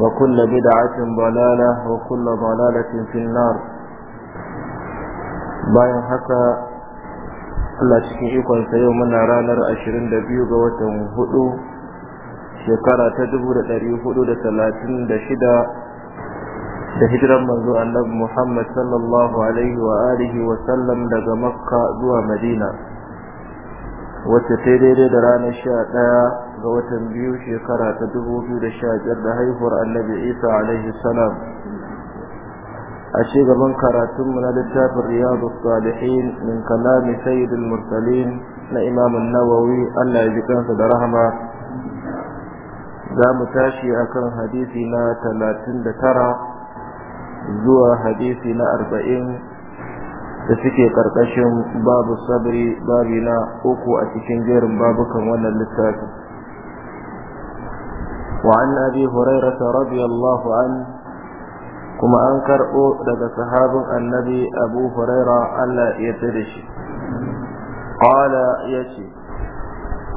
وكل بدعة ضلالة وكل ضلالة في النار bayan haka Allah cikin ikonsa yau muna ranar 22 ga watan hudu shekara ta 1436 da hijiran manzo annabi Muhammad sallallahu alaihi wa alihi wa sallam daga Makka zuwa Madina wacce ta daidai da ranar ɗaya? ga watan biyu shekara ta dubu biyu da sha da haihuwar annabi isa alaihi salam a ci gaban karatunmu na littafin riyadu salihin min kalami sayyidul mursalin na imamun nawawi allah ya ji kansa da rahama za mu tashi akan hadisi na talatin da tara zuwa hadisi na arba'in da suke karkashin babu sabri babi na uku a cikin jerin babukan wannan littafin وعن أبي هريرة رضي الله عنه كما أنكر لدى صحاب النبي أبو هريرة ألا يتدش قال يشي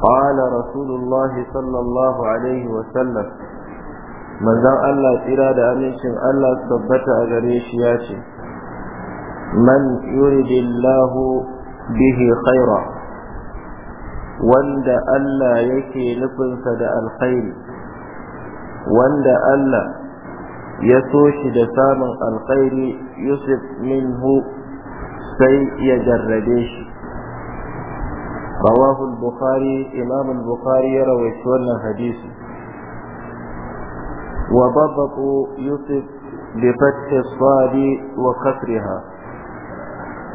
قال رسول الله صلى الله عليه وسلم من ذا ألا ترى دأميشن ألا تثبت أغريش ياشي من يرد الله به خيرا وند ألا يكي نفنس دا الخير wanda Allah ya so shi da samun alkhairi yusuf minhu sai ya jarrabe shi rawahu al-bukhari imam al-bukhari ya rawaito wannan hadisi wa yusuf bi fathi sadi wa kasriha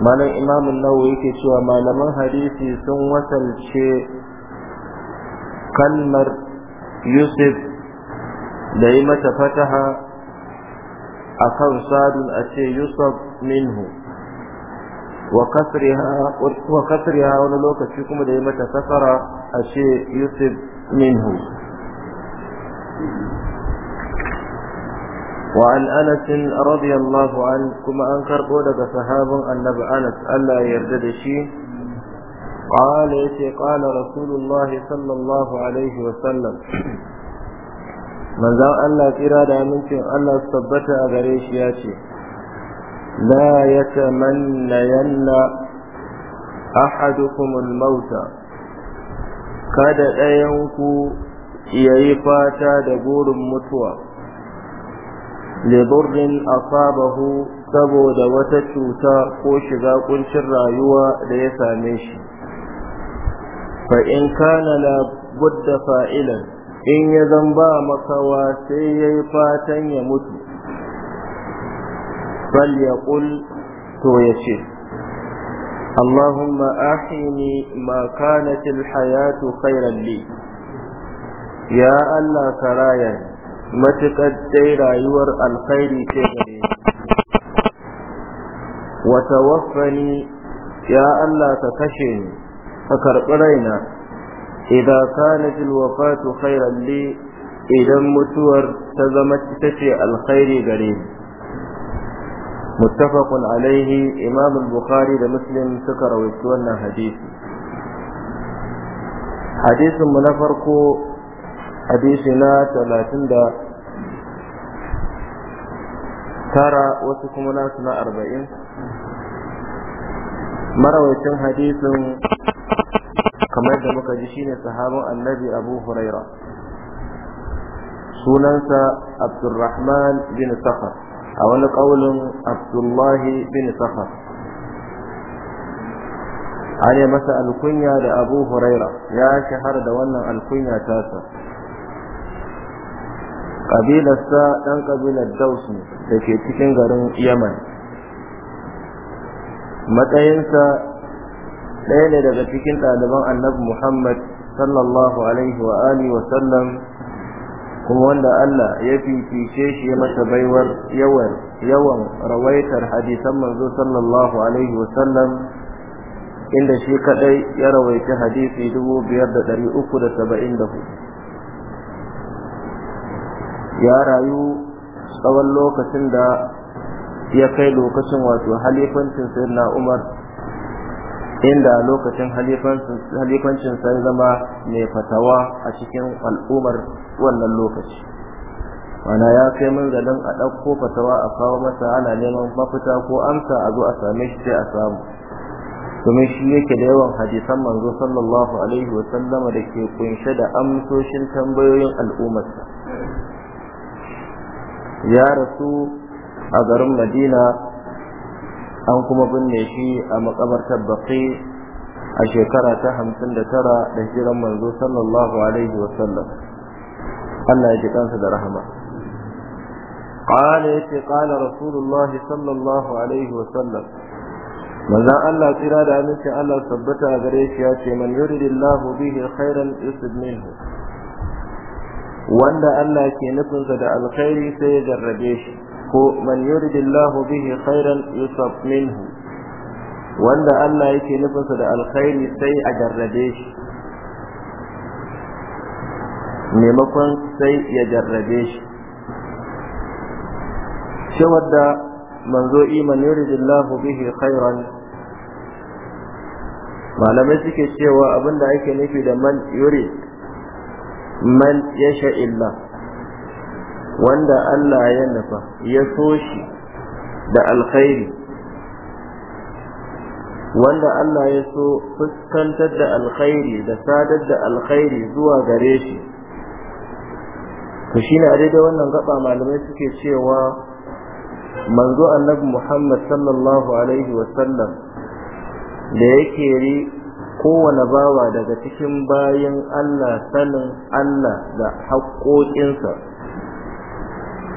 malam imam an-nawawi yake cewa malaman hadisi sun wasalce kalmar yusuf da yi mata fataha a kan sadun a ce yusuf minhu wa kasriha wani lokaci kuma da yi mata kasara a ce yusuf minhu وعن أنس رضي الله عنه كما أنكر قولك صحاب النبي أنس ألا shi. شيء قال قال رسول الله صلى الله عليه وسلم manzan Allah ƙira da amincin Allah su tabbata a gare shi ya ce la ya tamanna yanna al mauta kada ɗayan ku yayi fata da burin mutuwa burdin asabahu saboda wata cuta ko shiga kuncin rayuwa da ya same shi fa in kana la budda fa'ilan in ya zan ba makawa sai ya yi fatan ya mutu bal ya to ya ce Allahumma ahini ma kanatil hayatu khairan li ya Allah ka raya matuƙar dai rayuwar alkhairi ce gare wa tawaffani ya Allah ka kashe ni ka karɓi raina idan kana jin wafatu khairan li idan mutuwar ta zama ta ce alkhairi gare ni alaihi imam bukhari da muslim suka rawaito wannan hadisi hadisin mu na farko hadisi na 39 wasu kuma nasu na 40 marawacin hadisin kamar da muka ji shine sahabin annabi abu huraira sunansa abdurrahman bin safar a wani ƙaulin abdullahi bin safar an yi masa alkunya da abu huraira ya shahara da wannan alkunya tasa ƙabilarsa ɗan ƙabilar daus ne da ke cikin garin yaman matsayinsa ɗaya ne daga cikin ɗaliban annabi Muhammad sallallahu alaihi wa alihi wa sallam kuma wanda Allah ya fifice shi masa baiwar yawan yawan rawaitar hadisan manzo sallallahu alaihi wa sallam inda shi kadai ya rawaita hadisi dubu biyar da ɗari uku da saba'in da ya rayu tsawon lokacin da ya kai lokacin wato halifancin sayyidina Umar inda lokacin halifancin sai zama mai fatawa a cikin al'ummar wannan lokaci Wana ya kai mun gadon a ɗauko fatawa a kawo masa ana neman mafita ko amsa a zo a same shi sai a samu domin shi yake da yawan hadisan manzo sallallahu alaihi wa sallama da ke kunshe da amsoshin tambayoyin al'ummarsa ya rasu a garin madina an kuma binne shi a makabartar baqi a shekara ta hamsin da tara da hijiran manzo sallallahu alaihi wa sallam Allah ya ji kansa da rahama قال قال رسول الله sallallahu الله wa sallam. manzon Allah tsira da amincin Allah tabbata a gare shi ya ce man yuridillahu bihi khairan yusib minhu wanda Allah ke nufinsa da alkhairi sai ya jarrabe shi ko man yuridillahu bihi khairan yusab minhu wanda Allah yake nufinsa da alkhairi sai a jarrabe shi maimakon sai ya jarrabe shi shi wadda manzo iman yuridillahu bihi khairan malamai suke cewa abinda ake nufi da man yurid man yasha illa wanda Allah ya nufa ya so shi da alkhairi wanda Allah ya so fuskantar da alkhairi da sadar da alkhairi zuwa gare shi to shine a daidai wannan gaba malamai suke cewa manzo annabi Muhammad sallallahu alaihi wa sallam da yake ri kowane bawa daga cikin bayan Allah sanin Allah da haƙoƙinsa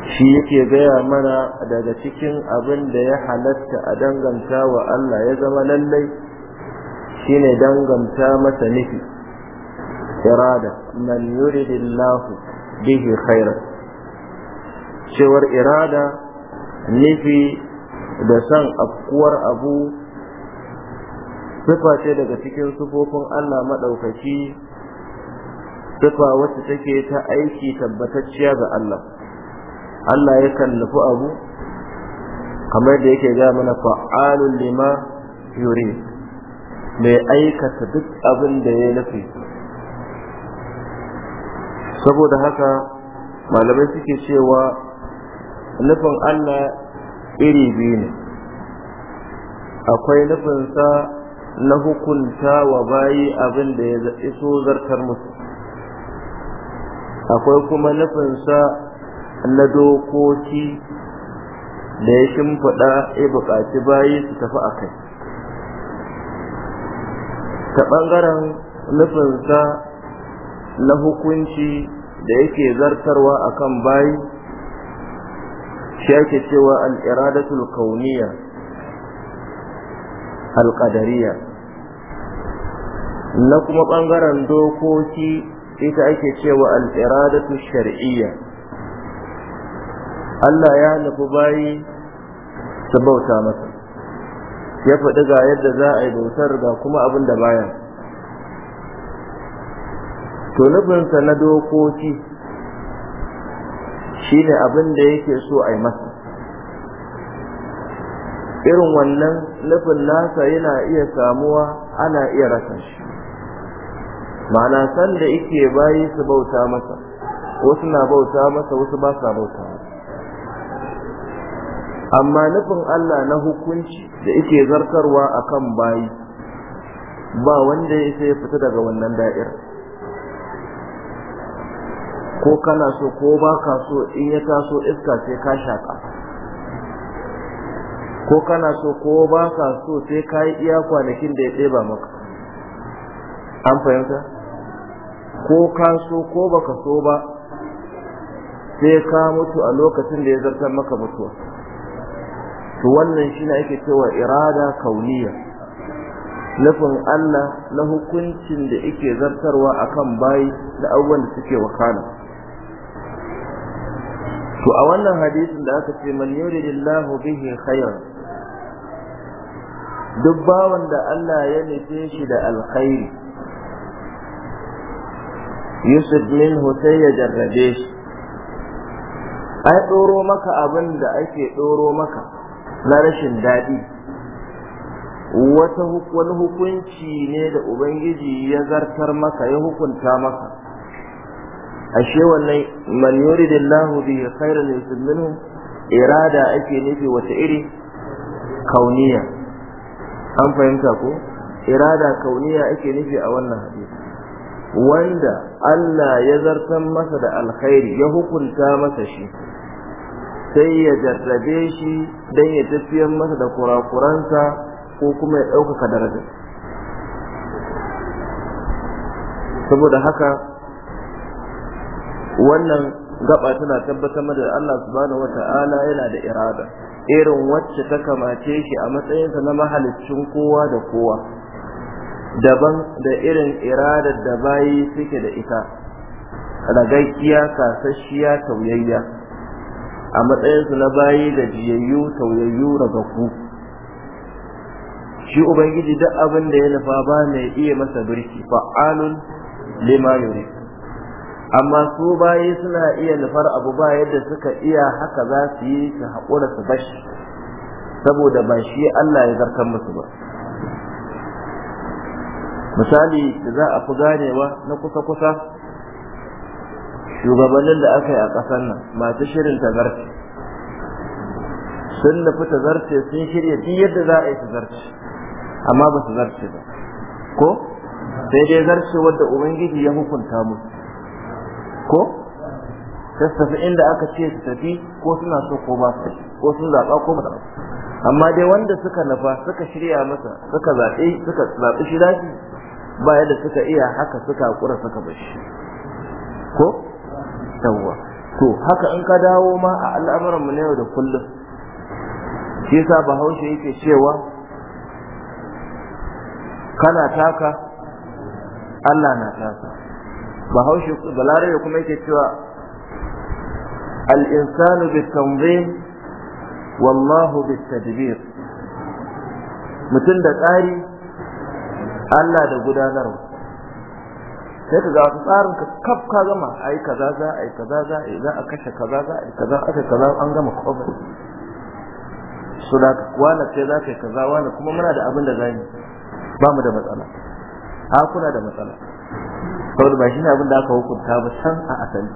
shi yake gaya mana daga cikin abin da ya halatta a danganta wa Allah ya zama lallai shine danganta masa nufi irada man yuridillahu bihi khaira cewar irada nufi da san afkuwar abu sufa ce daga cikin sufofin Allah maɗaukaki sufa wacce take ta aiki tabbatacciya ga Allah Allah ya kallafi abu kamar da yake ga mana fa'alul lima yuri mai aikata duk abin da ya nufi saboda haka malamai suke cewa nufin Allah iri biyu ne akwai nufinsa na hukunta wa bayi abin da ya iso zartar musu akwai kuma nufinsa na dokoki da ya shimfiɗa ya buƙaci bayi su tafi a kai ta ɓangaren nufinsa na hukunci da yake zartarwa a kan bayi shi ake cewa al'iradatul kauniya alƙadariya na kuma ɓangaren dokoki ita ake cewa al'iradatul shari'iyya Allah ya nufi bayi su bauta masa ya faɗi ga yadda za a yi bautar ga kuma abin da baya to nufinsa na dokoki shine abin da yake so a yi masa irin wannan nufin nasa yana iya samuwa ana iya rasa shi ma'ana san da yake bayi su bauta masa wasu na bauta masa wasu ba sa bauta amma nufin Allah na hukunci da yake zartarwa akan bayi ba wanda ya sai fita daga wannan da'ir ko kana so ko ba ka so in ya taso iska sai ka shaka ko kana so ko ba ka so sai ka yi iya kwanakin da ya ɗeba maka an fahimta ko ka so ko ba ka so ba sai ka mutu a lokacin da ya zartar maka mutuwa to wannan shine ake cewa irada kauniya nufin Allah na hukuncin da yake zartarwa akan bayi da abubuwan da suke wakana to a wannan hadisin da aka ce man yuridillahu bihi khayran duk bawan da Allah ya nufe shi da alkhairi Yusuf min sai ya jarrabe shi ai ɗoro maka abin da ake ɗoro maka na rashin daɗi wata wani hukunci ne da ubangiji ya zartar maka ya hukunta maka ashe wannan man yuridillahu bihi khairan yusib irada ake nufi wata iri kauniya an fahimta ko irada kauniya ake nufi a wannan hadisi wanda Allah ya zartar masa da alkhairi ya hukunta masa shi sai ya jarrabe shi don ya tafiyar masa da kurakuransa ko kuma ya ɗaukaka daraja saboda haka wannan gaba tana tabbatar da Allah subhanahu wata'ala yana da irada irin wacce ta kamace shi a matsayinsa na mahaliccin kowa da kowa daban da irin iradar da bayi suke da ita ragaikiya kasashiya tauyayya a matsayinsu na bayi da jiyayyu tauyayyu ku. shi ubangiji duk abin da ya nufa ba mai iya masa birki fa'alun lima yuri amma su bayi suna iya nufar abu ba yadda suka iya haka za su yi su haƙura su bashi saboda ba shi Allah ya zartar musu ba misali da za a fi ganewa na kusa-kusa shugabannin da aka yi a ƙasar nan masu shirin tazarce sun nufi tazarce sun shirya duk yadda za a yi tazarce amma ba su zarce ba ko sai dai zarce wadda ubangiji ya hukunta musu ko ta tafi inda aka ce su tafi ko suna so ko ba su ko sun zaɓa ko ba amma dai wanda suka nufa suka shirya masa suka zaɓi suka zaɓi shi ba yadda suka iya haka suka haƙura suka bashi yawwa to haka in ka dawo ma a al'amuran mu na yau da kullum shi yasa bahaushe yake cewa kana taka Allah na taka bahaushe balarabe kuma yake cewa al-insanu bitanzim wallahu bitadbir mutum da tsari Allah da gudanarwa sai ka ga tsarin ka kaf ka gama ai kaza za ai kaza za ai za a kashe kaza za ai kaza aka kaza an gama kofa su da wala sai za ka yi kaza wala kuma muna da abin da za mu ba mu da matsala a kuna da matsala saboda ba shi ne abin da aka hukunta ba san a asali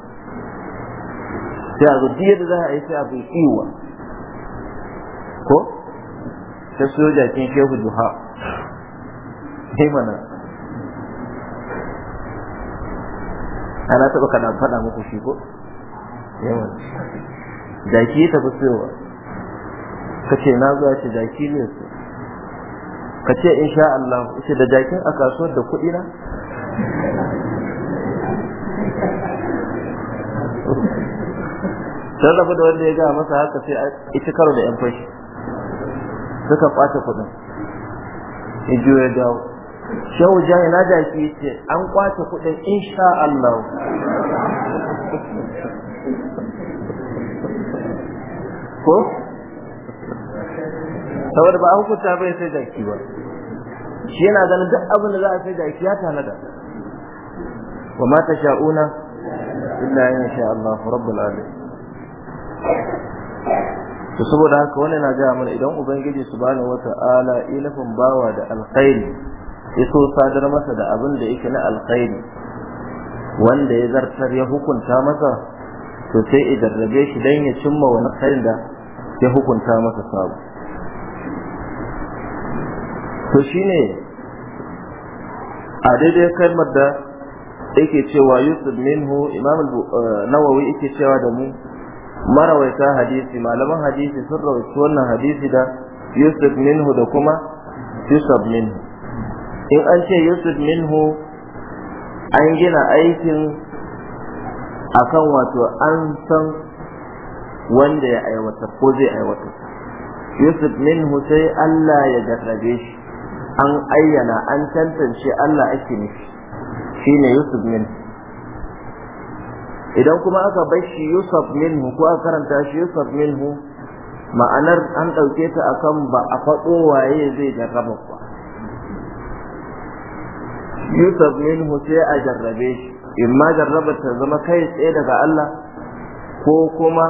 sai a zo yadda za a yi sai abin iwa ko ta yi jakin shehu duha ana taba kana faɗa muku shi ko yawa jaki ta tafi siyowa ka ce na zuwa ce jaki ne su ka ce in sha Allah ce da jakin a kasuwar da kuɗi na sun rabu da wanda ya gaya masa haka sai ita karo da 'yan fashi suka ɓata kuɗin ya juya dawo shehu jani na jaki ce an kwace kudin insha Allah ko saboda ba a kuta bai sai jaki ba shi yana ganin duk abin da za a sai jaki ya tanada wa ma sha'una illa in sha Allah rabbul alamin to saboda haka wannan na ga mana idan ubangiji subhanahu wata'ala ilafin bawa da alkhairi ya sadar masa da abin da yake na alkhairi wanda ya zartar ya hukunta masa to sai ya shi dan ya cimma wani alkhairin da ya hukunta masa sabu to shine a daidai kalmar da yake cewa yusuf minhu imam eh, nawawi yake cewa da mu marawaita hadisi malaman hadisi sun rawaito wannan hadisi da yusuf minhu da kuma yusuf minhu in an ce yusuf minhu an gina aikin akan wato an san wanda ya aiwata ko zai aiwata yusuf minhu sai allah ya jarrabe shi an ayyana an tantance allah ake nufi ne yusuf minhu idan kuma aka bar shi yusuf minhu ko aka karanta shi yusuf minhu ma'anar an ɗauke ta akan ba a faɗo waye zai jarraba ba yusuf minhu sai a jarrabe shi in ma jarrabar ta zama kai tsaye daga Allah ko kuma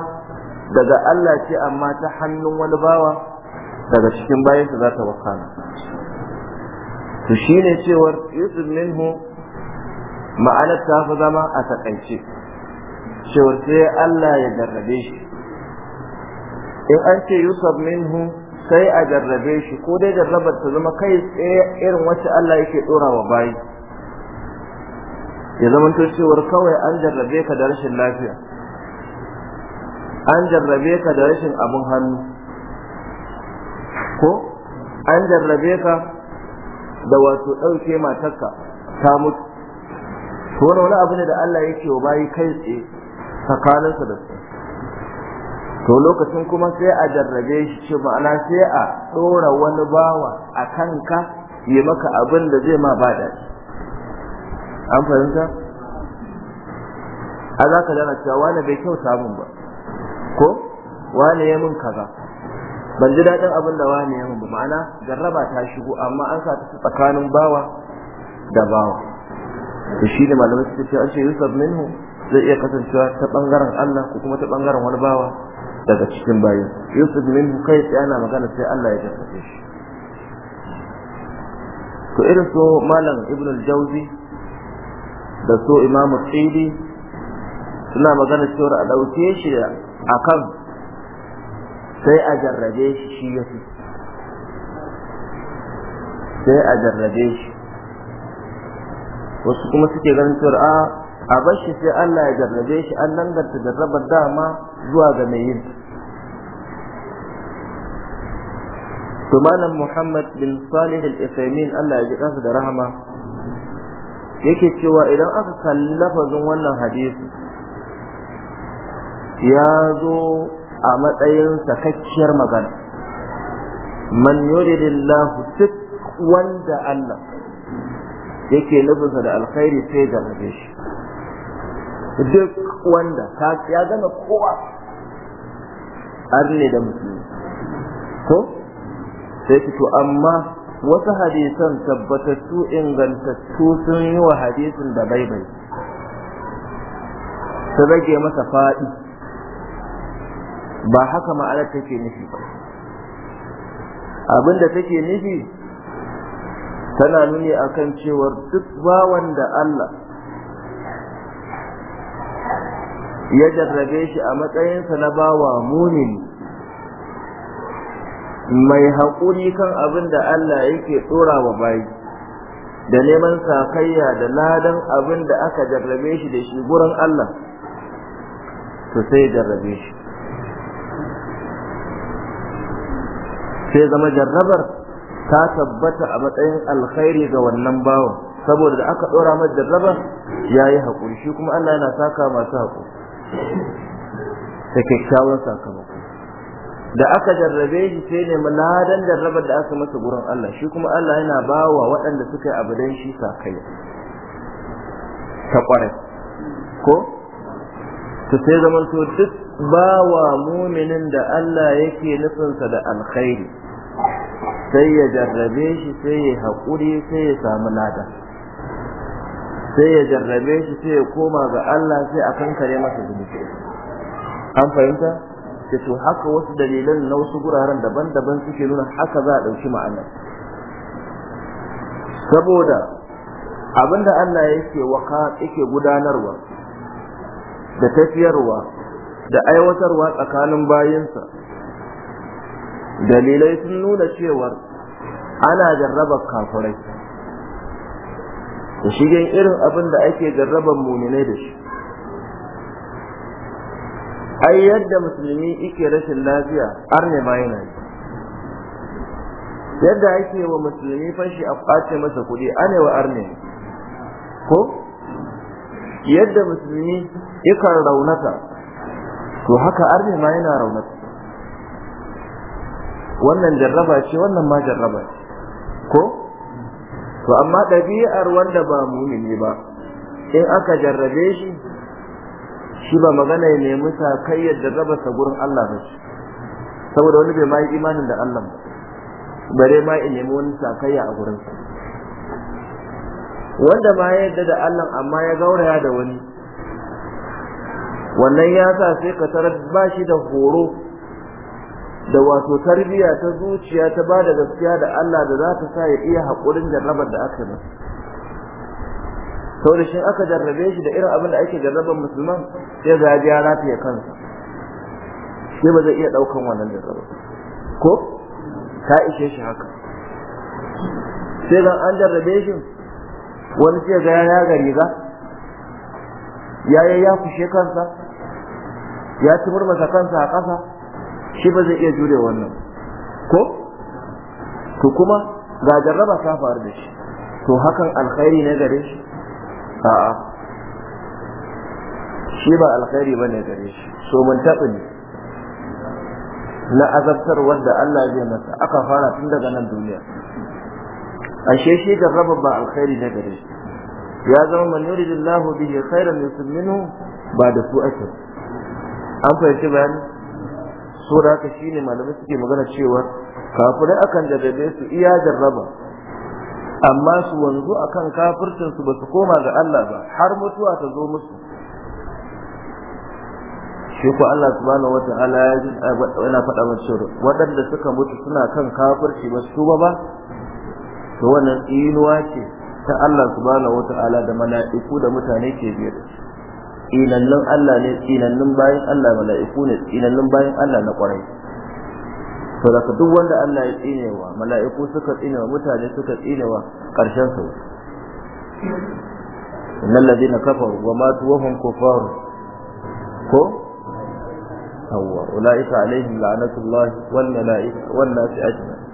daga Allah ce amma ta hannun wani bawa daga cikin bayansa za ta wakana to shi ne cewar yusuf minhu ma'anar ta fi zama a takaice cewar sai Allah ya jarrabe shi in an ce yusuf minhu sai a jarrabe shi ko dai jarrabar ta zama kai tsaye irin wacce Allah yake dora wa bayi ya zamanto cewar kawai an jarrabe ka da rashin lafiya an jarrabe ka da rashin abin hannu ko an jarrabe ka da wato ɗauke matarka ta mutu to wani wani abu ne da Allah yake wa bayi kai tsaye tsakaninsa da su to lokacin kuma sai a jarrabe shi ce ma'ana sai a ɗora wani bawa a kanka yi maka abin da zai ma ba daɗi an fahimta a za ka dana cewa wane bai kyau samun ba ko wane ya mun kaza ban ji daɗin abin da wane ya mun ba ma'ana jarraba ta shigo amma an sa ta tsakanin bawa da bawa da shi ne malamai suka ce an ce yusuf minhu zai iya kasancewa ta bangaren Allah ko kuma ta bangaren wani bawa daga cikin bayi. Yusuf Minhu kai yana magana sai Allah ya tafi shi to irin so malam Ibn al-Jawzi da so imamu tsidi suna magana cewar a ɗauke shi a kan sai a jarrabe shi shi ya fi sai a jarrabe shi wasu kuma suke ganin cewar a ah, a bar shi sai Allah ya jarrabe shi an nan da jarrabar dama zuwa ga mai yin su malam Muhammad bin Salih al-Uthaymeen Allah ya ji kansa da rahama yake cewa idan aka kalli lafazin wannan hadisi ya zo a matsayin sakakkiyar magana man yuridillahu duk wanda Allah yake nufinsa da alkhairi sai da shi duk wanda ya gama kowa arne da musulmi ko sai fito amma wasu hadisan tabbatattu ingantattu sun yi wa hadisin da baibai su rage masa faɗi ba haka ma'anar take nufi ba abinda take nufi tana nuni akan cewar duk bawan da Allah ya jarrabe shi a matsayinsa na bawa mumini mai haƙuri kan abin da Allah yake tsora wa bayi da neman sakayya da ladan abin da aka jarrabe shi da shi gurin Allah to sai jarrabe shi sai zama jarrabar ta tabbata a matsayin alkhairi ga wannan bawan saboda da aka tsora mai jarrabar ya yi haƙuri shi kuma Allah yana saka masu haƙuri da kyakkyawan sakamako da aka jarrabe shi sai ne ladan jarrabar da aka masa gurin Allah shi kuma Allah yana bawa waɗanda suka yi abu dan shi kai ta kware ko to sai zaman to duk bawa muminin da Allah yake nufinsa da alkhairi sai ya jarrabe shi sai ya haƙuri sai ya samu lada sai ya jarrabe shi sai ya koma ga Allah sai a kankare masa zunubi an fahimta da to haka wasu dalilan na wasu guraren daban-daban suke nuna haka za a ɗauki ma'ana saboda abinda Allah yake waka yake gudanarwa da tafiyarwa da aiwatarwa tsakanin bayinsa dalilai sun nuna cewar ana jarraba kafirai da shigen irin abin da ake jarrabar muninai da shi ai yadda musulmi yake rashin lafiya har ne ma yana yadda ake wa musulmi fashi a kwace masa kuɗi ane wa arne ko yadda musulmi yakan raunata to haka arne ma yana raunata wannan jarraba ce wannan ma jarraba ce ko to amma ɗabi'ar wanda ba mumini ba in aka jarrabe shi shi ba magana ya nemi kai yadda raba sa gurin Allah ba saboda wani bai ma yi imanin da Allah ba bare ma ya nemi wani sakayya a gurin sa wanda ma ya yadda da Allah amma ya gauraya da wani wannan ya sa sai ka tarar ba shi da horo da wato tarbiya ta zuciya ta ba da gaskiya da Allah da za ta sa ya iya haƙurin jarrabar da aka masa saboda shi aka jarrabe shi da irin abin da ake jarraban musulman sai zaji ya rataye kansa sai ba zai iya daukan wannan da tsaro ko ta ishe shi haka sai zan an jarrabe shi wani sai ga ya ga riga ya yi ya fushe kansa ya ci murmasa kansa a ƙasa shi ba zai iya jure wannan ko to kuma ga jarraba ta faru da shi to hakan alkhairi ne gare shi a'a shi ba alkhairi bane gare shi so mun taɓa ne na azabtar wanda Allah zai masa aka fara tun daga nan duniya ashe shi jarraba ba alkhairi ne gare shi ya zama man yuridillahu bihi khairan yusminu ba da su ake an fahimci bayani so da haka shine malamai suke magana cewa kafirai akan jarrabe su iya jarraba amma su wanzu akan kafircin su ba su koma ga Allah ba har mutuwa ta zo musu shi ko Allah subhanahu wata'ala ya ji yana faɗa masu shiru waɗanda suka mutu suna kan kafirci ba su ba to wannan inuwa ce ta Allah subhanahu wata'ala da mala'iku da mutane ke biyar tsinannin Allah ne tsinannin bayan Allah mala'iku ne tsinannin bayan Allah na ƙwarai saboda duk wanda Allah ya tsinewa mala'iku suka tsinewa mutane suka tsinewa karshen su innal ladina kafaru wa matu wa hum kufar ko awwa ulaika alaihim la'natullah wal mala'ika wan nas ajma'in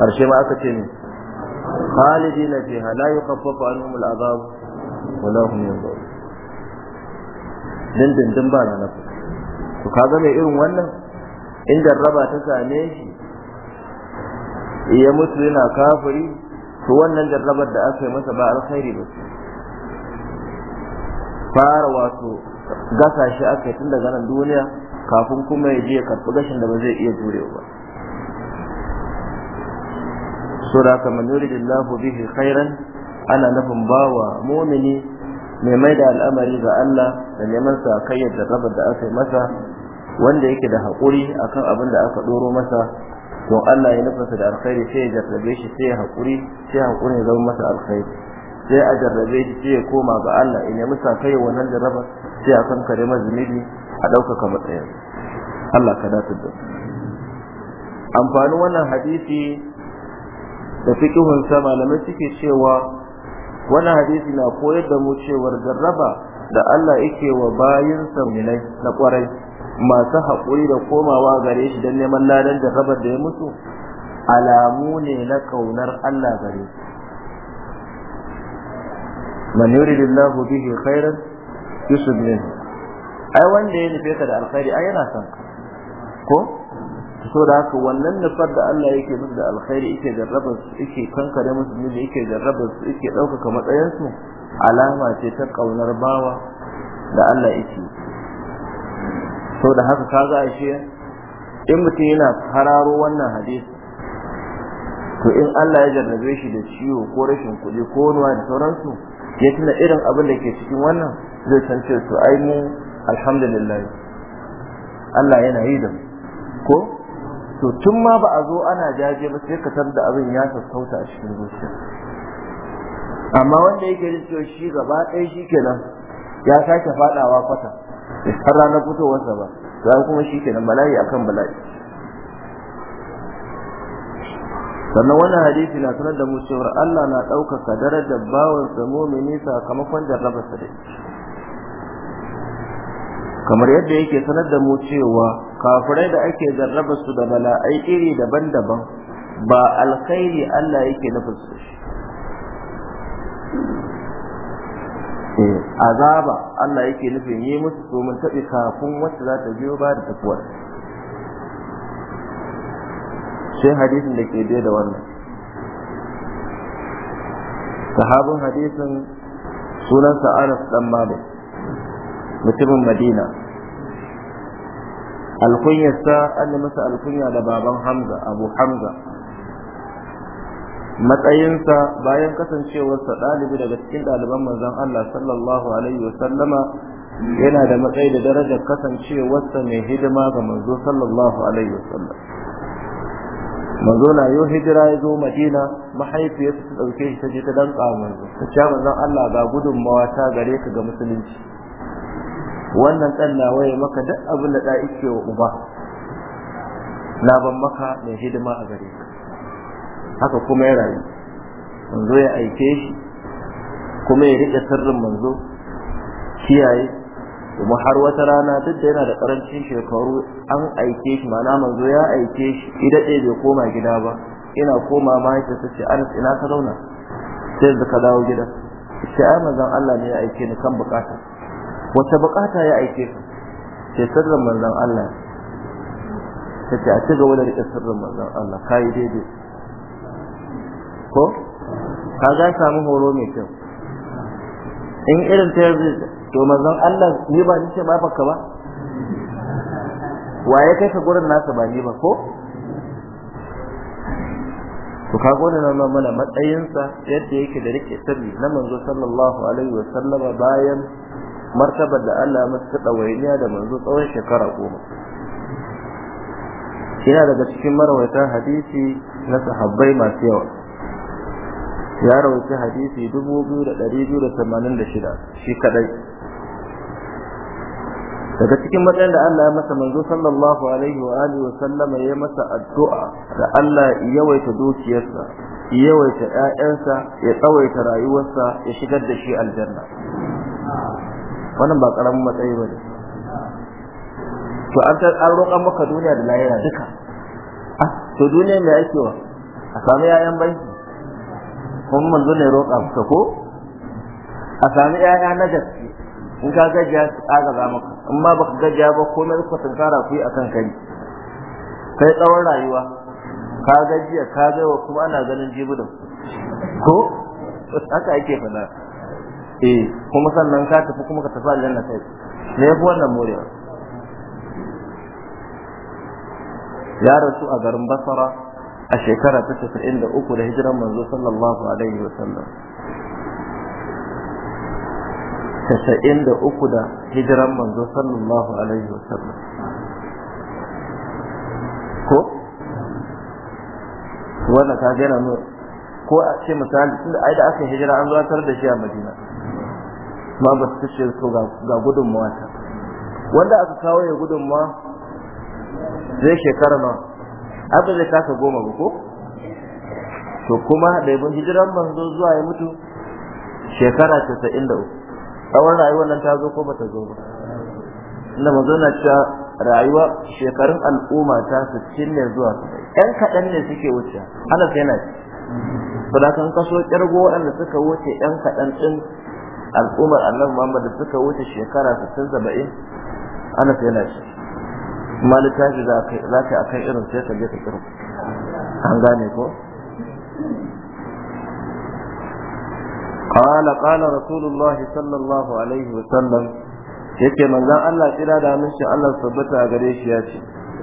karshe ma aka ce ne khalidina fiha la yukhaffafu anhum al'adab wa la hum yunzarun dindindin ba na nafi to kaga mai irin wannan in jarraba ta same shi ya mutu yana kafiri to wannan jarrabar da aka yi masa ba alkhairi ba fara wato gasa shi aka yi tun daga nan duniya kafin kuma ya je karɓi gashin da ba zai iya jurewa ba so da manuri man bihi khairan ana nufin bawa mumini mai mai da al'amari ga Allah da neman sa kai da da aka yi masa wanda yake da haƙuri akan abin da aka ɗoro masa don Allah ya nufarsa da alkhairi sai ya jarrabe shi sai ya haƙuri sai haƙuri ya zama masa alkhairi sai a jarrabe shi sai ya koma ga Allah ya musa kai wannan jarraba sai a kan kare zunubi a ɗaukaka matsayin Allah ka dace da amfanin wannan hadisi da fikihun sa malamai suke cewa wannan hadisi na koyar da mu cewar jarraba da Allah yake wa bayinsa mulai na kwarai masu haƙuri da komawa gare shi don neman ladan jarrabar da ya mutu alamu ne na kaunar Allah gare shi. man lillahu bihi khairan yusuf ne. ai wanda ya nufe ka da alkhairi ai yana son ka ko so da haka wannan nufar da Allah yake musu da alkhairi yake jarrabar su yake kankare musu ne yake jarrabar su yake ɗaukaka matsayinsu alama ce ta kaunar bawa da Allah yake da haka kaga ashe in mutum yana hararo wannan hadisi to in Allah ya jarrabe shi da ciwo ko rashin kuɗi ko nuwa da sauransu ya tuna irin abin da ke cikin wannan zai san su ai mu alhamdulillah Allah yana yi da mu ko to tun ma ba a zo ana jaje ba sai ka san da abin ya sassauta a cikin zuciya amma wanda yake da ciwo shi gaba ɗaya shi kenan ya sake faɗawa kwata har ranar fitowarsa ba ya kuma shi kenan bala'i akan bala'i sannan wannan hadisi na sanar da mu Allah na ɗaukaka darajar bawan sa mumini sakamakon jarraba sa dai kamar yadda yake sanar da mu cewa kafirai da ake jarraba su da bala'ai iri daban-daban ba alkhairi Allah yake nufin su Eh. azaba Allah yake nufin yi musu domin taɓe kafin wacce za ta biyo ba da tafuwar sai hadisin da ke biye da wannan sahabin hadisin sunan Anas dan Malik mutumin Madina alkunyarsa an masa alkunya da baban Hamza Abu Hamza matsayinsa bayan kasancewarsa ɗalibi daga cikin ɗaliban manzon Allah sallallahu alaihi wa sallama yana da matsayi da darajar kasancewarsa mai hidima ga manzo sallallahu alaihi wa sallam manzo na yau hijira ya zo madina mahaifiyarsa ta dauke shi ta je ta danka manzo ta ce manzon Allah ga gudunmawa ta gare ka ga musulunci wannan ɗan na waye maka duk abin da ɗa yake wa uba na ban maka mai hidima a gare ka haka kuma ya rayu manzo ya aike shi kuma ya riƙe sirrin manzo kiyaye kuma har wata rana duk da yana da ƙarancin shekaru an aike shi ma'ana manzo ya aike shi idan ɗaya bai koma gida ba ina koma mahaifiyarsa ce anas ina ka zauna sai da ka dawo gida sai ai manzon Allah ne ya aike ni kan bukata wata bukata ya aike ka sai sirrin manzon Allah ta ce a ci gaba da riƙe sirrin manzon Allah kai daidai ko ka ga samu horo mai kyau in irin ta yanzu to mazan Allah ni ba ni ce ba baka ba waye kai ka gurin nasa ba ni ba ko to ka gode na mana matsayinsa yadda yake da rike sabbi na manzo sallallahu alaihi wa sallama bayan martabar da Allah ya masa dawainiya da manzo tsawon shekara goma yana daga cikin marawaitan hadisi na sahabbai masu yawa ya rawaci hadisi 2286 shi kadai daga cikin matsayin da Allah ya masa manzo sallallahu alaihi wa alihi wa sallama ya masa addu'a da Allah ya yawaita dukiyarsa ya yawaita ƴaƴansa ya tsawaita rayuwarsa ya shigar da shi aljanna wannan ba karamin matsayi bane to an an roƙa maka duniya da lahira duka ah to duniya me ake wa a samu yayan banki kuma manzo ne roƙa suka ko a sami ƴaƴa na gaske in ka gajiya su agaza maka in ma baka gajiya ba komai rufa tunkara ku yi a kan kai kai tsawon rayuwa ka gajiya ka gaiwa kuma ana ganin jibudin ko haka ake faɗa eh kuma sannan ka tafi kuma ka tafi aljanna kai ne yafi wannan morewa ya rasu a garin basara a shekara ta tafi'in da uku da hijiran manzo sallallahu alaihi wa sallam tasa'in da uku da hijiran manzo sallallahu alaihi wa sallam ko wannan ta gina nuna ko a ce misali inda ai da aka hijira an zuwatar da shi a madina ma ba su kashe su ga gudunmawa ta wanda aka kawo ya gudunmawa zai shekara ma abu zai kasa goma ba ko to kuma daibin hijiran manzo zuwa ya mutu shekara casa'in da uku tsawon rayuwar nan ta zo ko bata zo ba inda manzo na cewa rayuwa shekarun al'umma ta sittin ne zuwa ɗan kaɗan ne suke wuce ana sai na to da kan kaso kirgo waɗanda suka wuce ɗan kaɗan ɗin al'ummar annabi Muhammad da suka wuce shekara 60 saba'in ana sai na kuma littafi za ka akan irin sai ka je ka kiro an gane ko قال قال رسول الله صلى الله عليه وسلم yake manzon Allah tsira da mun shi Allah sabbata a gare shi yace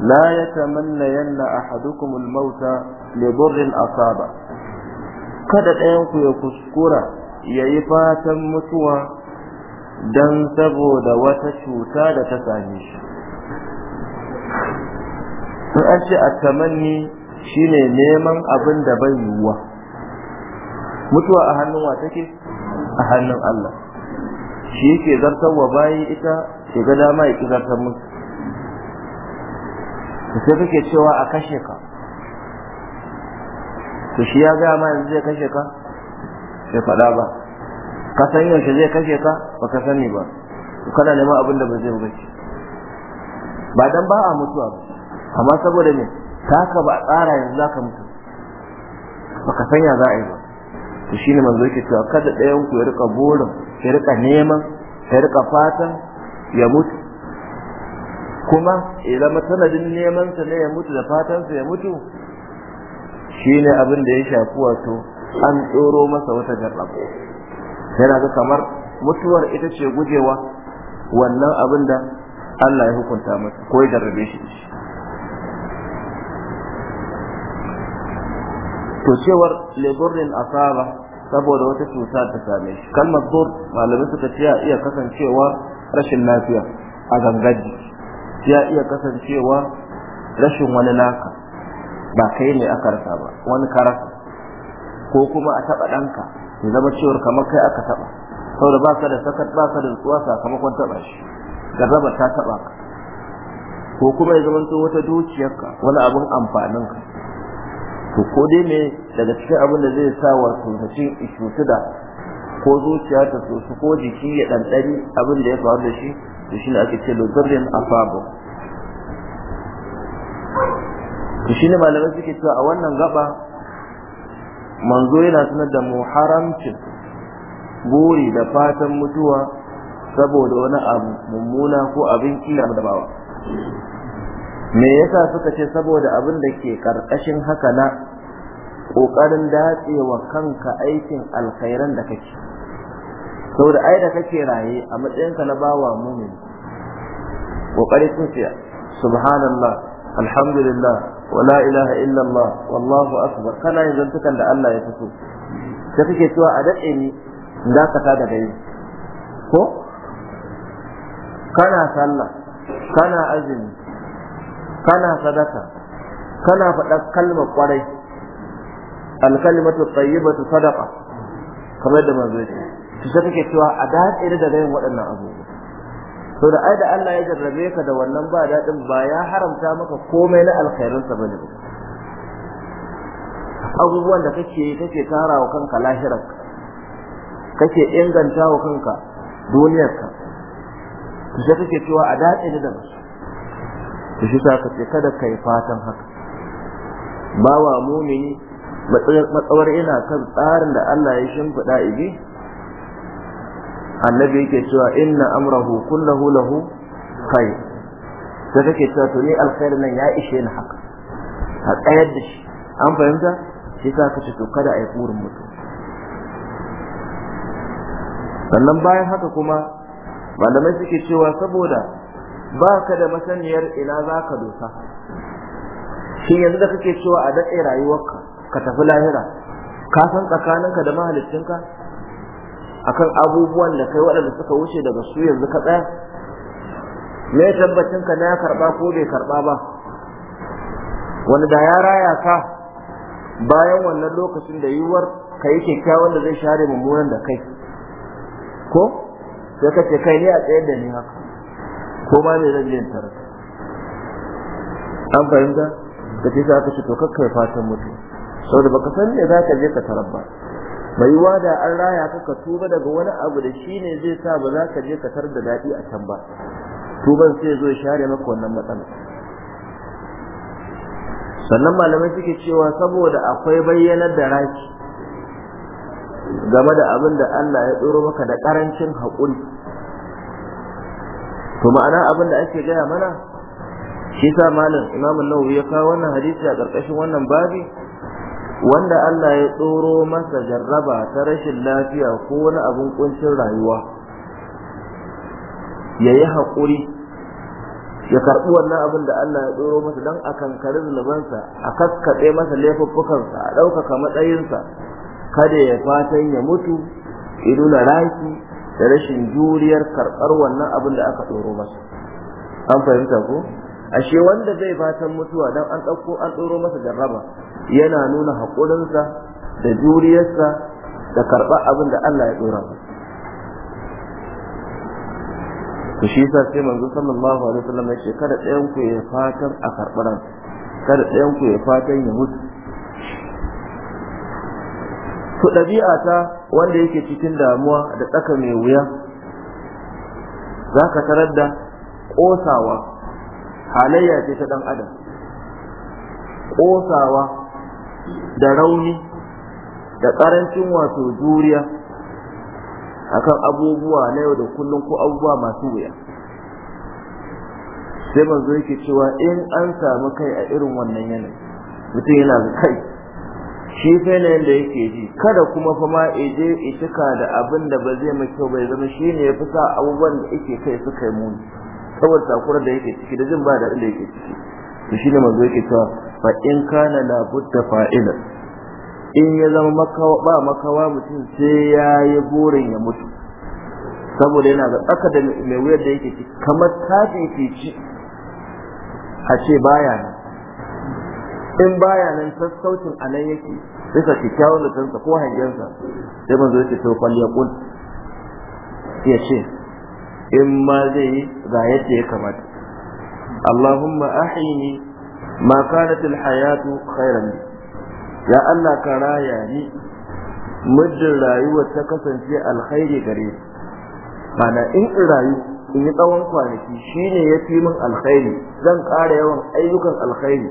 la yatamanna yanna ahadukum al-mauta li dhurrin asaba kada ɗayan ya kuskura yayi fatan mutuwa dan saboda wata cuta da ta same sai an ce a tamanni shine neman abin da bai yiwuwa mutuwa a hannun wa take a hannun Allah shi yake zartar wa bayi ita ke ga dama ya ki zartar musu sai kake cewa a kashe ka to shi ya gaya ma yanzu zai kashe ka bai faɗa ba ka san yanzu zai kashe ka ba ka sani ba kana neman abin da ba zai wuce ba dan ba a mutuwa ba amma saboda me ka ba tsara yanzu zaka mutu baka sanya za a yi ba to shine manzo yake cewa kada ɗayan ku ya rika burin ya rika neman ya rika fatan ya mutu kuma idan zama neman sa ne ya mutu da fatan sa ya mutu shine abin da ya shafi wato an tsoro masa wata jarrabo yana ga kamar mutuwar ita ce gujewa wannan abin da Allah ya hukunta masa ko ya jarrabe shi to cewar leburin asaba saboda wata cuta ta same shi kalmar dur malamai suka ce ya iya kasancewa rashin lafiya a gangaji ya iya kasancewa rashin wani naka ba kai ne aka rasa ba wani kara ko kuma a taɓa ɗanka ya zama cewar kamar kai aka taɓa saboda ba ka da sakat ba ka da nutsuwa sakamakon taɓa shi garraba ta taɓa ka ko kuma ya zama wata dukiyarka wani abin amfaninka to ko dai me daga cikin abin da zai sa wa tuntace ishutu da ko zuciya ta su, ko jiki ya ɗanɗani abin da ya faru da shi to shine ake ce da zarrin asabu to shine malamai suke cewa a wannan gaba manzo yana sanar da mu buri da fatan mutuwa saboda wani abu mummuna ko abin kila da bawa me yasa suka ce saboda abin da ke karkashin haka na kokarin datsewa kanka aikin alkhairan da kake saboda ai da kake raye a matsayinka na bawa mumin kokari sun ce subhanallah alhamdulillah la ilaha illallah wallahu akbar kana yin zantukan da Allah ya fito sai kake cewa a dace ni za ka ta daga yi ko kana sallah kana azumi kana sadaka kana faɗar kalmar kwarai alkalimatu tayyibatu sadaqa kamar da manzo yake to sai kake cewa a daɗe da yin waɗannan abubuwa to da ai da Allah ya jarrabe ka da wannan ba daɗin ba ya haramta maka komai na alkhairin sa bane abubuwan da kake kake tara wa kanka lahirar kake inganta wa kanka duniyarka to sai kake cewa a daɗe da su da shi sa ka ce kada ka yi fatan haka bawa mumini matsawar ina kan tsarin da Allah ya shimfiɗa ibi annabi yake cewa inna amrahu kullahu lahu khair sai kake cewa to ni alkhair nan ya ishe ni haka a tsayar da shi an fahimta shi sa ka ce to kada a yi burin mutum sannan bayan haka kuma malamai suke cewa saboda ba ka da masaniyar ina za ka dosa shin yanzu da kake cewa a daɗe rayuwarka ka tafi lahira ka san tsakaninka da mahalicinka akan abubuwan da kai waɗanda suka wuce daga su yanzu ka tsaya me tabbacin ka na ya karɓa ko bai karɓa ba wani da ya raya ka bayan wannan lokacin da yiwuwar ka yi kyakkyawan da zai share mummunan da kai ko sai ka ce kai ne a tsayar da ni haka ko ma ne zan yin tara an fahimta da ke sa aka ce to kakkai fatan mutu saboda baka san me za ka je ka tarar ba mai wa da an raya ka ka tuba daga wani abu da shi ne zai sa ba za ka je ka tar da daɗi a can ba tuban sai zo ya share maka wannan matsala sannan malamai suke cewa saboda akwai bayyanar da raki game da abin da Allah ya tsoro maka da ƙarancin haƙuri to ma'ana abin da ake gaya mana shi sa malam imam nawawi ya kawo wannan hadisi a ƙarƙashin wannan babi wanda Allah ya tsoro masa jarraba ta rashin lafiya ko wani abun kuncin rayuwa ya yi haƙuri ya karɓi wannan abin da Allah ya tsoro masa don a kankari zunubansa a kakkaɓe masa laifuffukansa a ɗaukaka matsayinsa kada ya fatan ya mutu ya nuna da rashin juriyar karɓar wannan abin da aka ɗoro masa an fahimta ko ashe wanda zai fatan mutuwa dan an ɗauko an ɗoro masa jarraba yana nuna haƙurinsa da juriyarsa da karɓar abin da Allah ya ɗora masa to shi sa sai manzo sallallahu alaihi wasallam ya ce kada ɗayan ku ya fatan a karɓaran kada ɗayan ku ya fatan ya mutu To ɗabi'a ta wanda yake cikin damuwa da tsaka mai wuya zaka ka tarar da ƙosawa halayya ce ta ɗan adam ƙosawa da rauni da ƙarancin wato juriya akan abubuwa na yau da kullum ko abubuwa masu wuya sai manzo yake cewa in an samu kai a irin wannan yanayi mutum yana kai shi fa yanayin da yake ji kada kuma fa ma je itika da abin da ba zai mai kyau bai zama shi ne ya fi sa abubuwan da yake kai suka yi muni saboda takurar da yake ciki da jin ba da inda yake ciki to shine manzo yake cewa fa in kana la budda fa'ila in ya zama makawa ba makawa mutum sai ya yi burin ya mutu saboda yana ga tsaka da mai wuyar da yake ciki kamar ta fifici a ce baya in baya nan sassaucin a nan yake bisa kyakkyawan lutansa ko hangensa sai manzo yake to fal kun ya ce in ma zai yi ga yadda ya kamata Allahumma ahini ma kanat hayatu khairan ya Allah ka raya ni muddin rayuwar ta kasance alkhairi gare ni bana in rayu in yi tsawon kwanaki shine ya fi min alkhairi zan ƙara yawan ayyukan alkhairi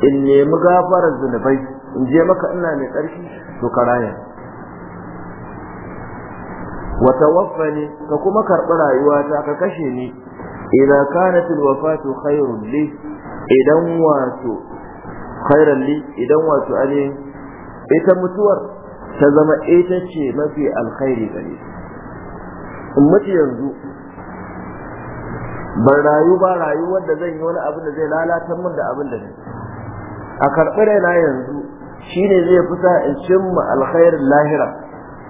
in nemi gafarar zunubai in je maka ina mai ƙarfi to ka raya wa tawaffani ka kuma karɓi rayuwata ka kashe ni kana kanat alwafatu khairun li idan wato khairun li idan wato ale ita mutuwar ta zama ita ce mafi alkhairi gare in mutu yanzu ban rayu ba rayuwar da zan yi wani abin da zai lalatar min da abin da zai a karɓi raina yanzu ne zai fita in cimma alkhairin lahira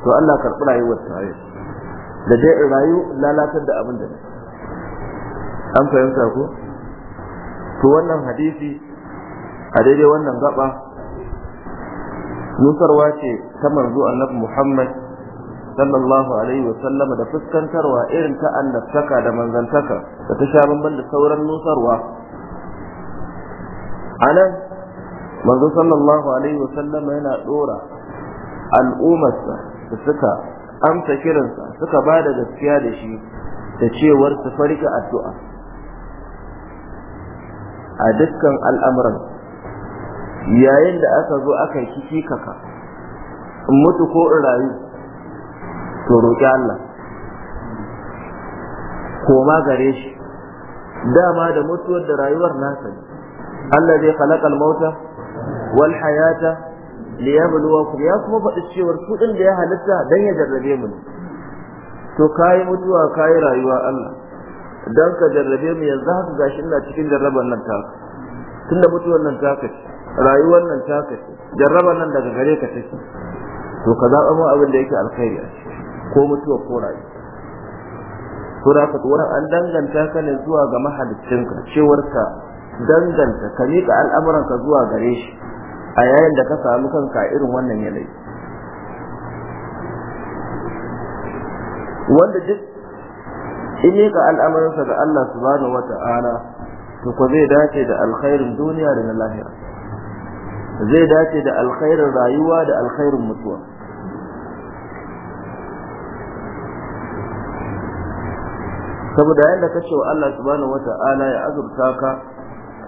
to Allah karɓi rayuwar tare da dai in rayu lalatar da abin da an fahimta ko to wannan hadisi a daidai wannan gaba nusarwa ce ta manzo annabi Muhammad sallallahu alaihi wa sallama da fuskantarwa irin ta annabtaka da manzantaka da ta sha bamban da sauran nusarwa a nan manzo sallallahu alaihi yana dora al'ummarsa da suka amsa kiransa suka bada gaskiya da shi da cewar su farka addu'a a dukkan al'amuran yayin da aka zo aka yi kaka in mutu ko in rayu to roƙi Allah koma gare shi dama da mutuwar da rayuwar nasa Allah zai halakal mauta wal hayata liyabluwakum ya kuma faɗi cewar su din da ya halitta dan ya jarrabe mu to kai mutuwa kai rayuwa Allah dan ka jarrabe mu yanzu haka gashi ina cikin jarraban nan ta tunda mutuwar nan ta kace rayuwar nan ta kace jarraban nan daga gare ka take to ka zaba mu abin da yake alkhairi ko mutuwa ko rayuwa to da ka an danganta ka ne zuwa ga mahaliccinka cewar ka danganta ka miƙa al'amuranka zuwa gare shi a yayin da ka samu kanka irin wannan yanayi wanda duk in yi ga al'amuransa ga Allah subhanahu wa ta'ala to ko zai dace da alkhairin duniya da na lahira zai dace da alkhairin rayuwa da alkhairin mutuwa saboda yadda ka ce wa Allah subhanahu wa ta'ala ya azurta ka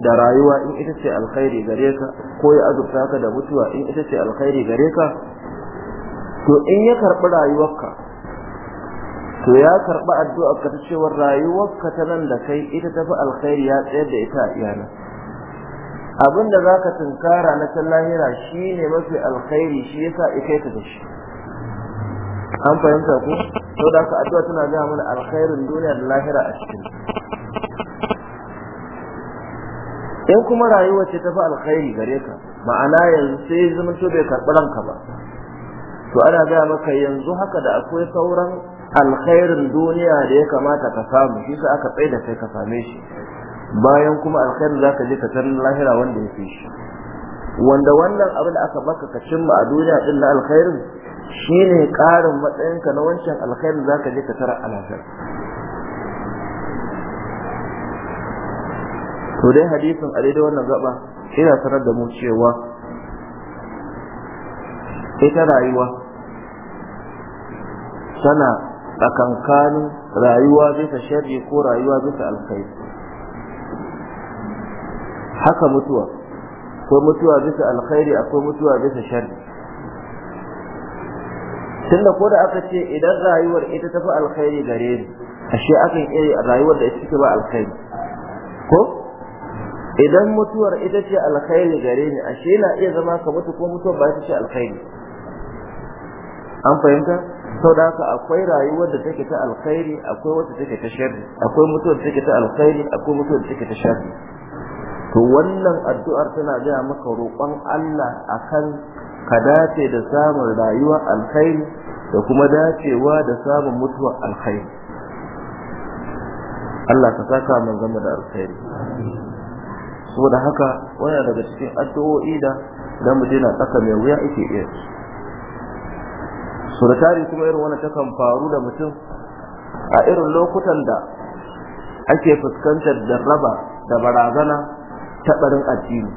da rayuwa in ita ce alkhairi gare ka ko ya azurta ka da mutuwa in ita ce alkhairi gare ka to in ya karɓi rayuwarka to ya karɓi addu'ar ka ta cewar rayuwarka ta nan da kai ita ta fi alkhairi ya tsayar da ita a iyana abin da za ka tunkara na can lahira shi ne mafi alkhairi shi yasa ita ta da shi an fahimta ku to da ka addu'a tana gaya mana alkhairin duniya da lahira a cikin in kuma rayuwar ce ta fi alkhairi gare ka ma'ana yanzu sai zama to bai karɓi ranka ba to ana gaya maka yanzu haka da akwai sauran alkhairin duniya da ya kamata ka samu shi sai aka tsaye da kai ka same shi bayan kuma alkhairin za ka je ka tarin lahira wanda ya fi shi wanda wannan abin da aka baka ka cimma a duniya din na alkhairin shine ƙarin matsayinka na wancan alkhairin za ka je ka tara a to dai hadisin a daidai wannan gaba ina sanar da mu cewa ita rayuwa tana kankanin rayuwa bisa sharri ko rayuwa bisa alkhairi haka mutuwa ko mutuwa bisa alkhairi akwai mutuwa bisa sharri tunda ko da aka ce idan rayuwar ita tafi alkhairi gare ni ashe akan iya rayuwar da ita ce ba alkhairi ko idan mutuwar ita ce alkhairi gare ni ashe na iya zama ka mutu ko mutuwar ba ita ce alkhairi an fahimta sau da haka akwai rayuwar da take ta alkhairi akwai wata take ta sharri akwai mutuwar da take ta alkhairi akwai mutuwar da take ta sharri to wannan addu'ar tana gaya maka roƙon Allah akan ka dace da samun rayuwa alkhairi da kuma dacewa da samun mutuwar alkhairi Allah ka saka mun zama da alkhairi saboda haka waya daga cikin addu'o'i da dan mutum tsaka mai wuya yake iya so da tare kuma irin wannan takan faru da mutum a irin lokutan da ake fuskantar jarraba da barazana ta barin addini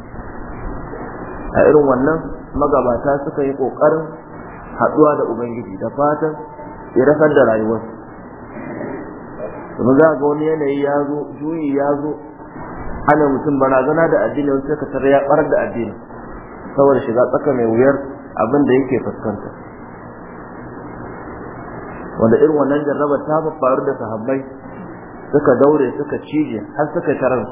a irin wannan magabata suka yi kokarin haduwa da ubangiji da fatan ya da rayuwarsu domin za ga wani yanayi ya zo juyi ya zo ana mutum barazana da addini wani sai ka tare ya barar da addini saboda shiga tsaka mai wuyar abin da yake fuskanta wanda irin wannan jarrabar ta faru da sahabbai suka daure suka cije har suka tarar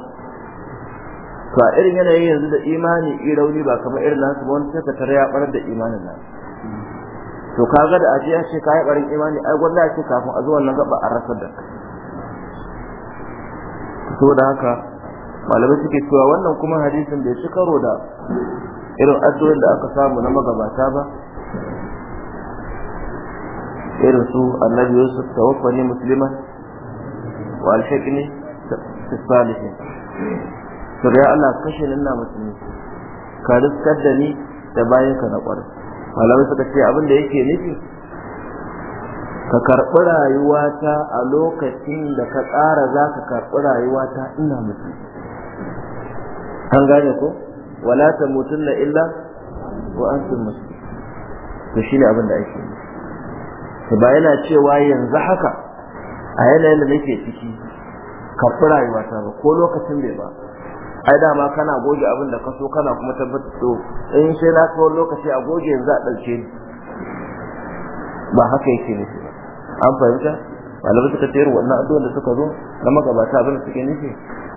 to a irin yanayin yanzu da imani i rauni ba kamar irin nasu ba wani sai ka tare ya barar da imanin nasu to kaga da ajiya ce ka yi barin imani ai gwanda ce kafin a zuwa nan gaba a rasar da to haka malamai suke cewa wannan kuma hadisin bai ci karo da irin addu'o'in da aka samu na magabata ba irin su annabi yusuf ne musulma wa ne ta to ya Allah kashe nan na musulmi ka riskar da ni da bayan ka na ƙwarar malamai suka ce abin da yake nufi ka karɓi rayuwata a lokacin da ka ƙara za ka karɓi rayuwata ina musulmi an gane ko wala ta na illa wa antum muslimun to shine abin da ake yi to ba yana cewa yanzu haka a yanayin da nake ciki ka fi rayuwata ba ko lokacin bai ba ai dama kana goge abin da ka so kana kuma tabbatar to in sai na kawo lokaci a goge yanzu a ɗauke ba haka yake ne ba an fahimta malamai suka tsayar wannan addu'ar da suka zo na magabata abin da suke nufi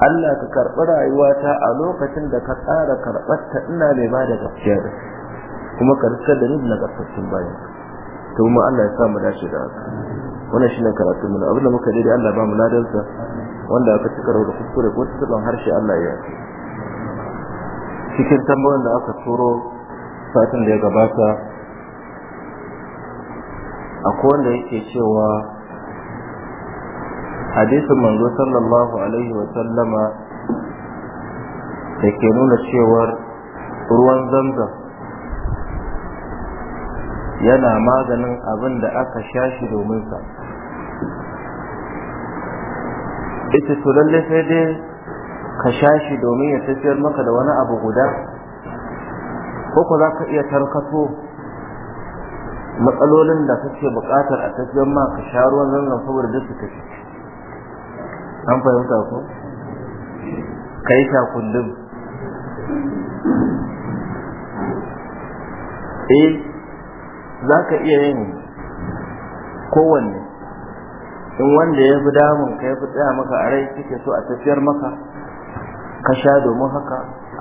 Allah ka karɓi rayuwata a lokacin da ka tsara karɓarta ina mai ba da gaskiya da kuma ka riskar da ni da nagartattun bayan to mu Allah ya sa mu dace da haka wannan shine karatu mu abin da muka daidai Allah ba mu ladansa wanda aka cika da kuskure ko tsiban harshe Allah ya yi cikin tambayoyin da aka turo satin da ya gabata akwai wanda yake cewa hadisin manzo sallallahu alaihi wa sallama da ke nuna cewar ruwan zamzam yana maganin abin da aka sha shi domin sa ita to lalle sai dai ka sha shi domin ya tafiyar maka da wani abu guda ko ko za ka iya tarkato matsalolin da kake buƙatar a tafiyar ma ka sha ruwan zanzan saboda da su tafi an fahimta ko kai ta kullum eh za ka iya yin kowanne in wanda ya fi damun ka ya fi tsaya maka a rai kike so a tafiyar maka ka sha domin haka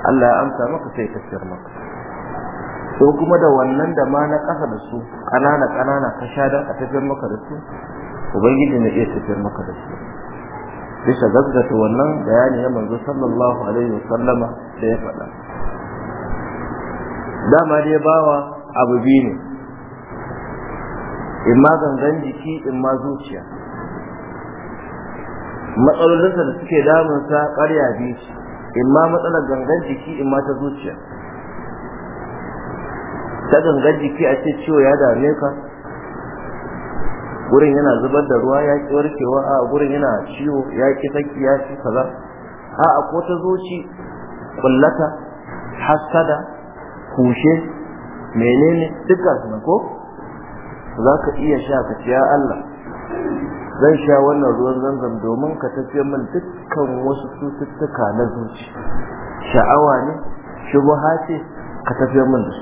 Allah ya amsa maka sai tafiyar maka so kuma da wannan da ma na kasa da su ƙanana ƙanana ka sha don a tafiyar maka da su ubangiji na iya tafiyar maka da su bisa gaggata wannan bayani na manzo sallallahu alaihi wasallama da ya faɗa dama dai bawa abu biyu ne in ma gangan jiki in ma zuciya matsalolinsa da suke damunsa ƙarya biyu in ma matsalar gangan jiki in ma ta zuciya ta gangan jiki a ce ciwo ya dame ka gurin yana zubar da ruwa ya ki warkewa a gurin yana ciwo ya ki sarki ya ki kaza a a ko ta zoci kullata hasada kushe menene duka sun ko za ka iya sha ka ya Allah zan sha wannan ruwan zanzam domin ka tafi min dukkan wasu cututtuka na zuci sha'awa ne shubuha ce ka tafi min da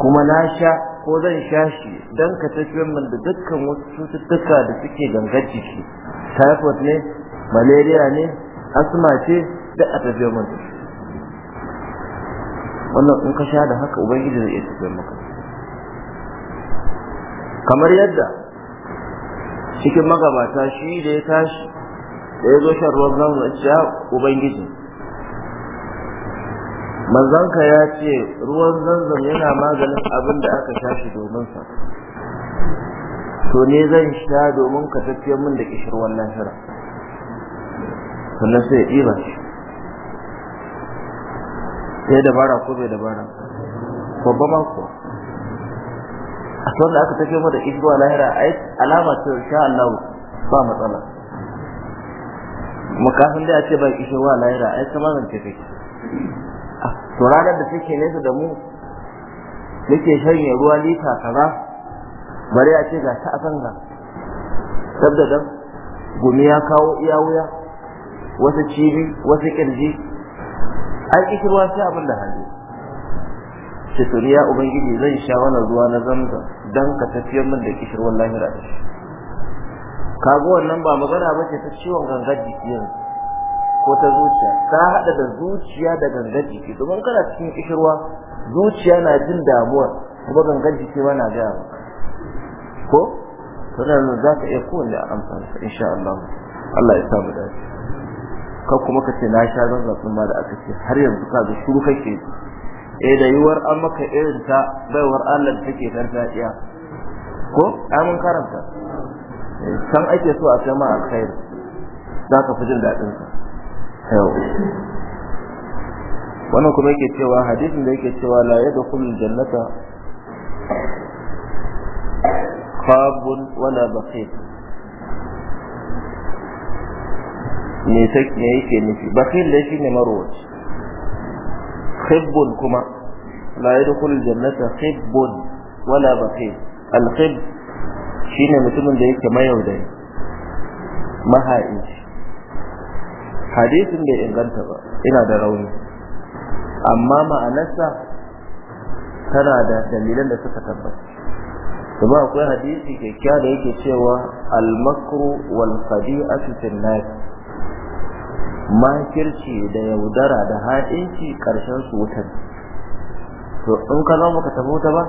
kuma na sha ko zan sha shi don ka tafiyar min da dukkan wasu cututtuka da suke gangar jiki typhoid ne malaria ne asma ce duk a tafiyar min da wannan in ka sha da haka ubangiji zai iya tafiyar maka kamar yadda cikin magabata shi da ya tashi da ya zo shan ruwan zamu a ubangiji manzanka ya ce ruwan zanzan yana maganin abin da aka tashi domin sa to ne zan sha domin ka tafiyar min da wannan shara? sannan sai ya ɗiba shi sai dabara ko bai dabara babba ma kuwa a da aka tafi mata a yi alama ce sha Allah ba matsala makafin da a ce ba kishirwa lahira ai ta magance kake to ranar da suke nesa da mu muke shanye ruwa lita kaza bari a ce ga ta a ga sabda dan gumi ya kawo iya wuya wasu cibi wasu kirji an ƙi ruwa sai abin da hali ya ubangiji zan sha wani ruwa na zamza dan ka tafiyar min da kishirwan lahira da shi wannan ba magana ba ce ta ciwon gangar jiki yanzu ko ta zuciya ka hada da zuciya da gangan jiki domin kana cikin kishirwa zuciya na jin damuwa kuma gangan jiki ma na ga ko sannan za ka iya kowanne a amfani insha Allah Allah ya samu dace ka kuma ka ce na sha zanzan ma da aka ce har yanzu ka ga shuru kake eh da yiwuwar an maka irin ta baiwar Allah take gargajiya ko amin karanta san eh, ake so a kai ma alkhairi za ka fi jin daɗin ka wannan kuma yake cewa hadisin da yake cewa la yadkhulul jannata kwabun wala bakhil me take ne yake nufi bakhil da ne marwaci khibbun kuma la yadkhulul jannata khibbun wala bakhil al khib shine mutumin da yake mayaudai mahaici hadisin bai inganta ba ina da rauni amma ma'anarsa tana da dalilan da suka tabbata kuma akwai hadisi kyakkyawa da yake cewa almakru wal qadi'atu fil nar makirci da yaudara da haɗinci karshen su wutar to in ka zama baka tafi wuta ba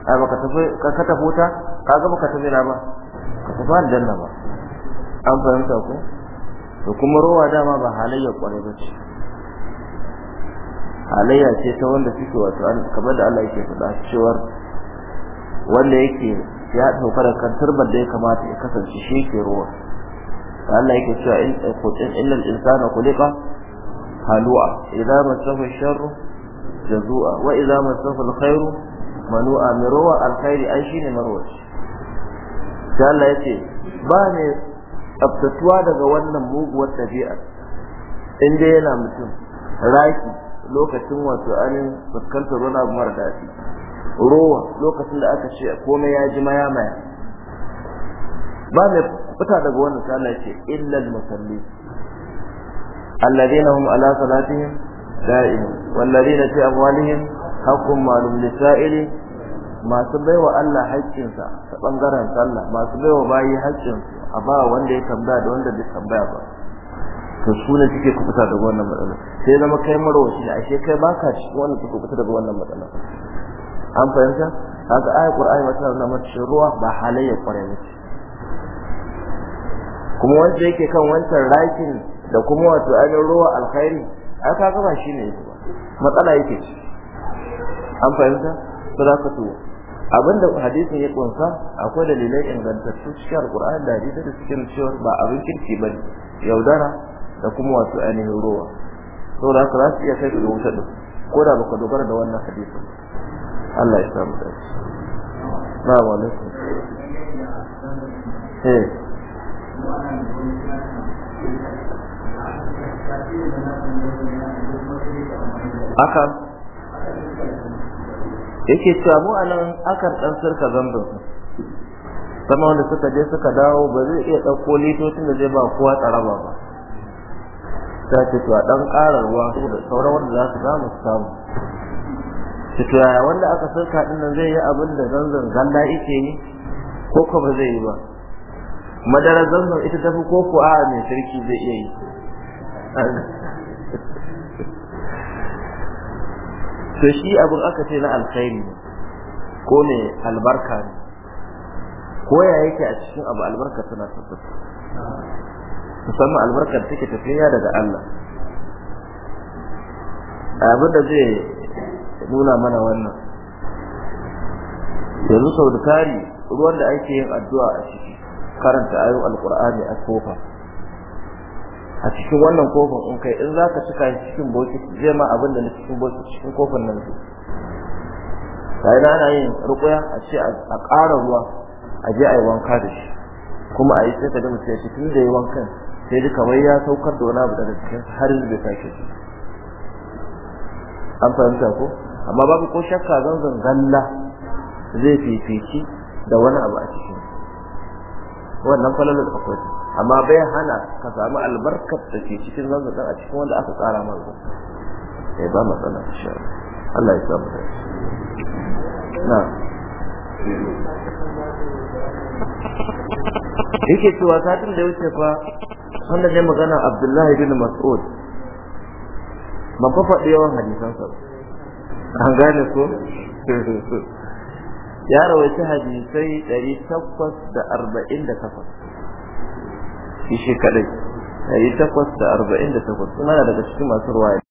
A baka tafi ka tafi wuta ga baka tafi na ba ka tafi aljanna ba an fahimta ko to kuma rowa dama ba halayya kwarai ba halayya ce ta wanda suke wato kamar da Allah yake faɗa cewar wanda yake ya ɗauka da kantar turban da ya kamata ya kasance shi yake rowa Allah yake cewa in qutin illa al-insana khuliqa halu'a idza masahu sharru jazu'a wa idza masahu alkhairu khairu manu'a min rowa al-khairi ai shine marwaci sai Allah yake ba ne tsaftatuwa daga wannan muguwar ɗabi'a in dai yana mutum raki lokacin wato anin fuskantar wani abu mara daɗi rowa lokacin da aka ce komai ya ji maya maya ba mai fita daga wannan sallah ce illal musalli alladheena hum ala salatihim da'imun walladheena fi amwalihim haqqun ma'lum lisa'ili masu baiwa Allah haƙƙinsa ta bangaren sallah masu baiwa bayi haƙƙinsu a ba wanda ya tambaya da wanda bai tambaya ba to su ne suke kubuta daga wannan matsala sai zama kai marwaci da ashe kai baka shi wannan suke kubuta daga wannan matsala an fahimta haka ayat qur'ani wata na mace ruwa ba halayya kwarai ne kuma wanda yake kan wancan rakin da kuma wato ainihin ruwa alkhairi ai ka ga ba shine yake matsala yake an fahimta tuwa abinda hadisin ya kunsa akwai dalilai ingantattu cikin alqur'ani da hadisi da cikin cewa ba abin kirki bane yaudara da kuma wasu ainihin ruwa da haka za su iya kai ga wuta din ko da baka dogara da wannan hadisin Allah ya samu mu shi assalamu alaikum eh aka yake cewa mu anan akan dan sirka zambin sama wanda suka je suka dawo ba zai iya ɗauko litocin da zai ba kowa tsaraba ba ta ce to a ɗan ƙara ruwa da sauran wanda za su samu su samu to yaya wanda aka sirka din nan zai yi abin da zanzan ganda yake yi ko ko ba zai yi ba madarar zanzan ita tafi ko ko a mai sarki zai iya yi to shi abin aka ce na alkhairi ne ko ne albarka ne ko ya yake a cikin abu albarka tana tabbata musamman albarkar take tafiya daga Allah abin da zai nuna mana wannan yanzu sau da tari ruwan da ake yin addu'a a ciki karanta ayoyin alkur'ani a kofa a cikin wannan kofin in kai in zaka cika shi cikin bokiti zai ma abin da cikin bokiti cikin kofin nan ne sai da ana yin rukuya a ce a ƙara ruwa a je a yi wanka da shi kuma a yi sai ka ga mutum ya ce tun da ya wankan sai duka kamar ya saukar da wani abu daga cikin har bai sake shi an fahimta ko amma babu ko shakka zanzan galla zai fifici da wani abu a cikin wannan falalar akwai amma bai hana ka samu albarkar da ke cikin zanzan a cikin wanda aka tsara maka ya eh, ba matsala insha Allah ya samu da na yake cewa satin da wuce fa wanda zai magana Abdullahi bin Mas'ud ban fa faɗi yawan hadisansa an gane ko ya rawaita hadisai 848 shi shi kadai 848 suna daga cikin masu ruwaya